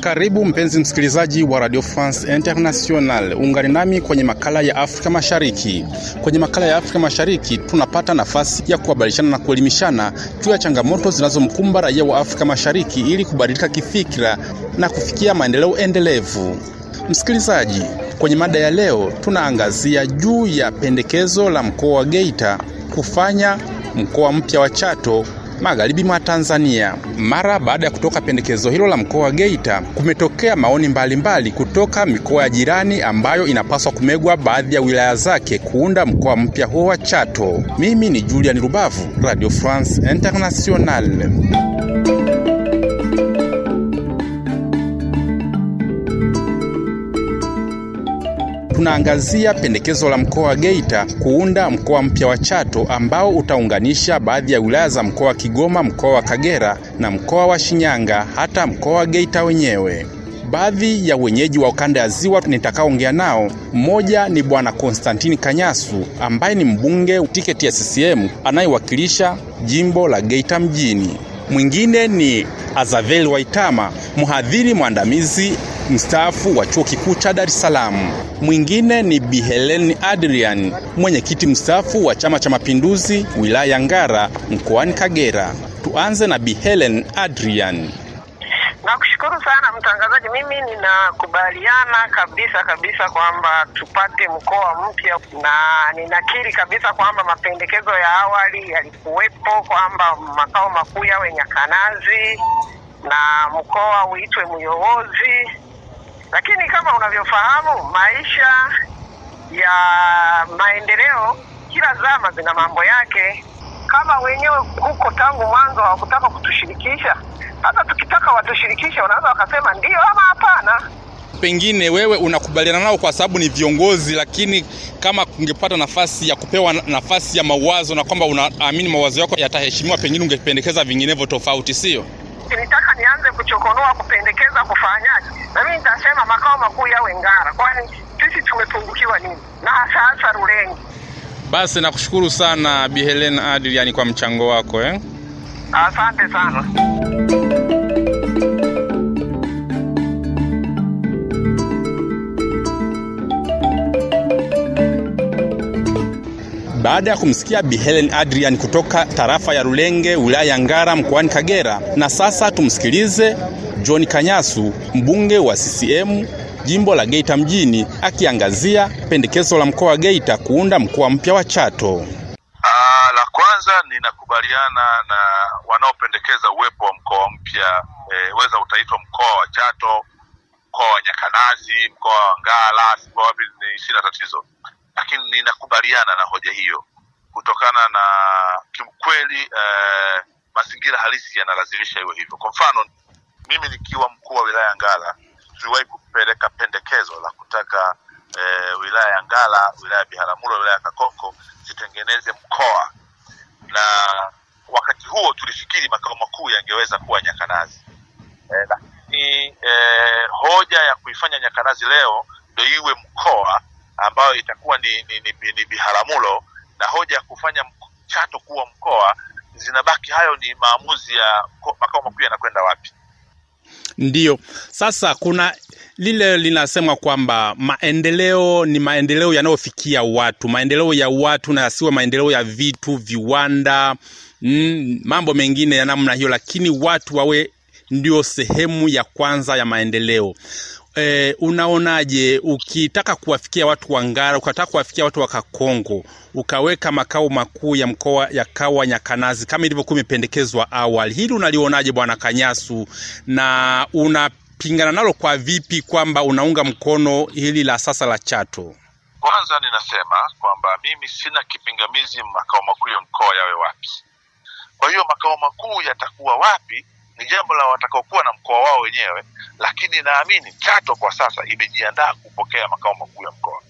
Karibu mpenzi msikilizaji wa Radio France International, ungani nami kwenye makala ya Afrika Mashariki. Kwenye makala ya Afrika Mashariki tunapata nafasi ya kuhabarishana na kuelimishana juu ya changamoto zinazomkumba raia wa Afrika Mashariki ili kubadilika kifikira na kufikia maendeleo endelevu. Msikilizaji, Kwenye mada ya leo tunaangazia juu ya pendekezo la mkoa wa Geita kufanya mkoa mpya wa Chato magharibi mwa Tanzania. Mara baada ya kutoka pendekezo hilo la mkoa wa Geita, kumetokea maoni mbalimbali mbali kutoka mikoa ya jirani ambayo inapaswa kumegwa baadhi ya wilaya zake kuunda mkoa mpya huo wa Chato. Mimi ni Julian Rubavu, Radio France Internationale. tunaangazia pendekezo la mkoa wa Geita kuunda mkoa mpya wa Chato ambao utaunganisha baadhi ya wilaya za mkoa wa Kigoma, mkoa wa Kagera na mkoa wa Shinyanga, hata mkoa wa Geita wenyewe. Baadhi ya wenyeji wa ukanda ya Ziwa nitakaoongea nao, mmoja ni bwana Konstantini Kanyasu ambaye ni mbunge tiketi ya CCM anayewakilisha jimbo la Geita mjini. Mwingine ni azavel Waitama, mhadhiri mwandamizi mstaafu wa chuo kikuu cha Dar es Salaam. Mwingine ni Bi Helen Adrian, mwenyekiti mstaafu wa Chama cha Mapinduzi wilaya ya Ngara mkoani Kagera. Tuanze na Bi Helen Adrian. Nakushukuru sana mtangazaji. Mimi ninakubaliana kabisa kabisa kwamba tupate mkoa mpya, na ninakiri kabisa kwamba mapendekezo ya awali yalikuwepo kwamba makao makuu yawe Nyakanazi na mkoa uitwe Muyowozi, lakini kama unavyofahamu, maisha ya maendeleo kila zama zina mambo yake. Kama wenyewe huko tangu mwanzo hawakutaka kutushirikisha, hata tukitaka watushirikishe, wanaweza wakasema ndio ama hapana. Pengine wewe unakubaliana nao kwa sababu ni viongozi, lakini kama ungepata nafasi ya kupewa nafasi ya mawazo na kwamba unaamini mawazo yako yataheshimiwa, pengine ungependekeza vinginevyo tofauti, sio? Nitaka nianze kuchokonoa kupendekeza kufanyaje na mimi nitasema makao makuu yawe Ngara, kwani sisi tumepungukiwa nini? Na hasa hasa Rulengi. Basi nakushukuru sana Bi Helen Adil, yani kwa mchango wako eh? Asante sana. Baada ya kumsikia Bi Helen Adrian kutoka tarafa ya Rulenge wilaya ya Ngara mkoani Kagera, na sasa tumsikilize John Kanyasu, mbunge wa CCM jimbo la Geita mjini, akiangazia pendekezo la mkoa wa Geita kuunda mkoa mpya wa Chato. Aa, ah, la kwanza ninakubaliana na wanaopendekeza uwepo wa mkoa mpya e, weza utaitwa mkoa wa Chato, mkoa wa Nyakanazi, mkoa wa Ngala, mkoa sina tatizo, lakini ninakubaliana na hoja hiyo kutokana na kimkweli, e, eh, mazingira halisi yanalazimisha iwe hivyo. Kwa mfano mimi nikiwa mkuu wa wilaya ya Ngara tuliwahi kupeleka pendekezo la kutaka e, wilaya ya Ngara, wilaya ya Biharamulo, wilaya ya Kakonko zitengeneze mkoa, na wakati huo tulifikiri makao makuu yangeweza kuwa Nyakanazi e, lakini e, hoja ya kuifanya Nyakanazi leo ndio iwe mkoa ambayo itakuwa ni, ni, ni, ni Biharamulo na hoja ya kufanya Chato kuwa mkoa zinabaki, hayo ni maamuzi ya makao makuu yanakwenda wapi ndio sasa kuna lile linasema kwamba maendeleo ni maendeleo yanayofikia watu, maendeleo ya watu na yasiwe maendeleo ya vitu, viwanda, mm, mambo mengine ya namna hiyo, lakini watu wawe ndio sehemu ya kwanza ya maendeleo eh, unaonaje ukitaka kuwafikia watu wa Ngara, ukataka kuwafikia watu wa Kakongo, ukaweka makao makuu ya mkoa yakawa Nyakanazi kama ilivyokuwa imependekezwa awali, hili unalionaje Bwana Kanyasu, na unapingana nalo kwa vipi kwamba unaunga mkono hili la sasa la Chato? Kwanza ninasema kwamba mimi sina kipingamizi makao makuu ya mkoa yawe wapi. Kwa hiyo makao makuu yatakuwa wapi ni jambo la watakaokuwa na mkoa wao wenyewe, lakini naamini Chato kwa sasa imejiandaa kupokea makao makuu ya mkoa.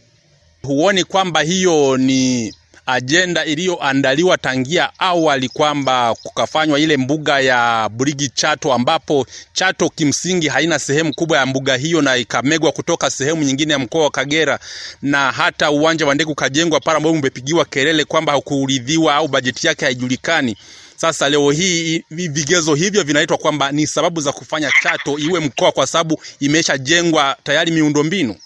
Huoni kwamba hiyo ni ajenda iliyoandaliwa tangia awali kwamba kukafanywa ile mbuga ya Burigi Chato, ambapo Chato kimsingi haina sehemu kubwa ya mbuga hiyo, na ikamegwa kutoka sehemu nyingine ya mkoa wa Kagera, na hata uwanja wa ndege ukajengwa pale, ambao umepigiwa kelele kwamba haukuridhiwa au bajeti yake haijulikani. Sasa leo hii vigezo hivyo vinaitwa kwamba ni sababu za kufanya Chato iwe mkoa kwa sababu imeshajengwa tayari miundombinu.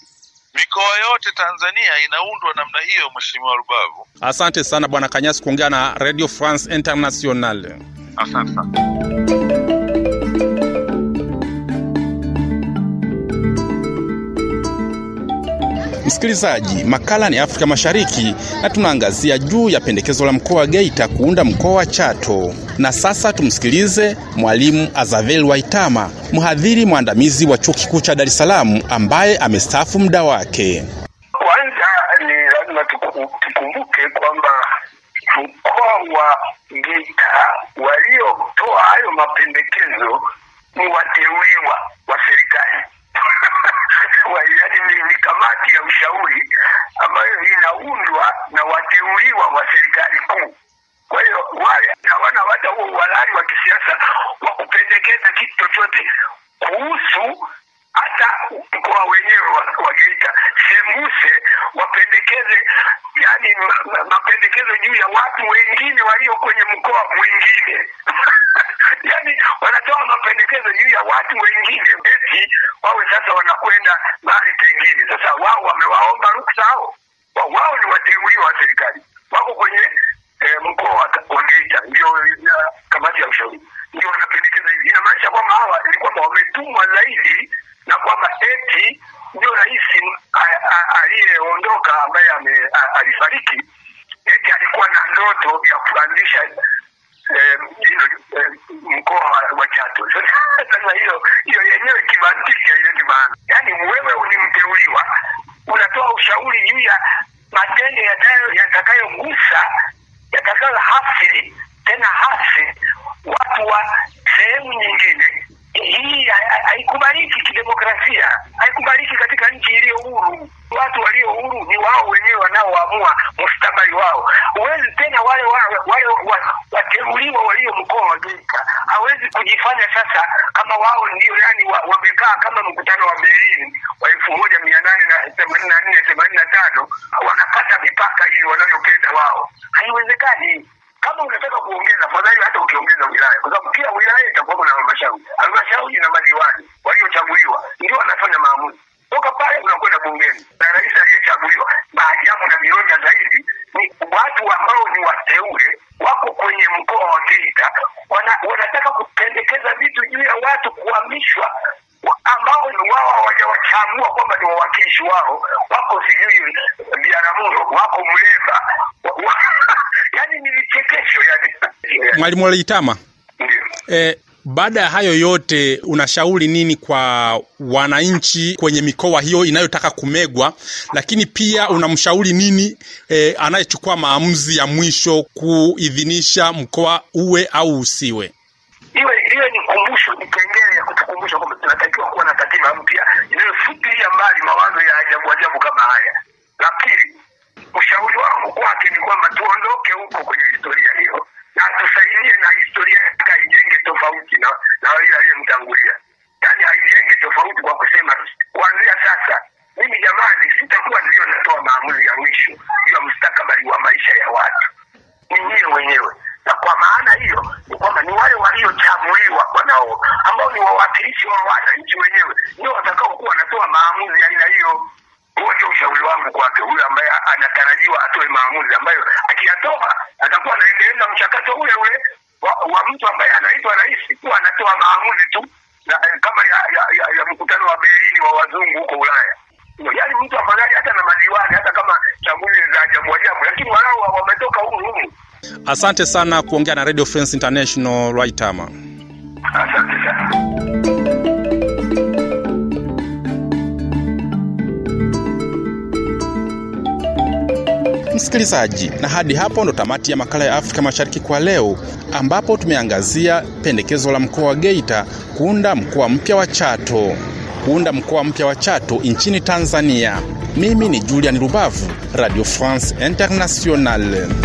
Mikoa yote Tanzania inaundwa namna hiyo, Mheshimiwa Rubavu. Asante sana Bwana Kanyasi kuongea na Radio France International. Asante sana. Msikilizaji, makala ni Afrika Mashariki na tunaangazia juu ya pendekezo la mkoa wa Geita kuunda mkoa wa Chato. Na sasa tumsikilize Mwalimu Azavel Waitama, mhadhiri mwandamizi wa Chuo Kikuu cha Dar es Salaam ambaye amestaafu muda wake. Kwanza ni lazima tukumbuke kwamba mkoa wa Geita waliotoa hayo mapendekezo ni wateuliwa ushauri ambayo inaundwa na wateuliwa wa serikali kuu. Kwa hiyo wale hawana hata huo uhalali wa kisiasa wa kupendekeza kitu chochote kuhusu hata mkoa wenyewe wa Geita. Sembuse wapendekeze yani mapendekezo juu ya watu wengine walio kwenye mkoa mwingine yani kuwasaidia watu wengine eti wawe sasa wanakwenda mahali pengine. Sasa wao wamewaomba ruksa, hao wao ni wateuliwa wa serikali, wako kwenye eh, mkoa wa Geita, ndio kamati ya ushauri ndio wanapendekeza hivi. Inamaanisha kwamba hawa ni kwamba wametumwa zaidi na kwamba eti ndio rais aliyeondoka ambaye alifariki eti alikuwa na ndoto ya kuanzisha Eh, eh, mkoa wa Chato. Sasa hiyo hiyo yenyewe kibatisha ile ni yaani wewe ulimteuliwa, unatoa ushauri juu ya matendo yatakayogusa yatakayohasiri tena hasi watu wa sehemu nyingine. kujifanya sasa kama wao ndio yani wamekaa wa kama mkutano wa Berlin wa elfu moja mia nane na themanini na nne themanini na tano wanapata mipaka ili wanayopenda wao, haiwezekani. Kama unataka kuongeza, fadhali hata ukiongeza wilaya, kwa sababu kila wilaya itakuwa na halmashauri. Halmashauri na madiwani waliochaguliwa ndio wanafanya maamuzi, toka pale unakwenda bungeni. wawakilishi wao wako sijui Biaramuro, wako Mleba yani ni vichekesho yani. Mwalimu ndio eh, baada ya hayo yote unashauri nini kwa wananchi kwenye mikoa hiyo inayotaka kumegwa, lakini pia unamshauri nini e, anayechukua maamuzi ya mwisho kuidhinisha mkoa uwe au usiwe? iwe iwe ni kumbusho, ni kengele ya kutukumbusha kwamba tunatakiwa kuwa na katiba mpya inayofutilia mbali mawazo ya ajabu ajabu kama haya. La pili, ushauri wangu kwake ni kwamba tuondoke huko kwenye historia hiyo na tusaidie na historia kaijenge tofauti na na wale aliyemtangulia. ni wawakilishi wa wananchi wenyewe ndio watakao kuwa wanatoa maamuzi ya aina hiyo. Huo ndio ushauri wangu kwake huyo ambaye anatarajiwa atoe maamuzi ambayo akiyatoa atakuwa anaendeleza mchakato ule ule wa, wa mtu ambaye anaitwa rais kuwa anatoa maamuzi tu na, eh, kama ya, ya, ya, ya mkutano wa Berlin wa wazungu huko Ulaya. Yaani mtu afadhali hata na madiwani hata kama chaguzi za ajabu ajabu, lakini walau wametoka wa humu humu. Asante sana kuongea na Radio France International Rwaitama. Msikilizaji, na hadi hapo ndo tamati ya makala ya Afrika Mashariki kwa leo, ambapo tumeangazia pendekezo la mkoa wa Geita kuunda mkoa mpya wa Chato, kuunda mkoa mpya wa Chato nchini Tanzania. Mimi ni Julian Rubavu, Radio France Internationale.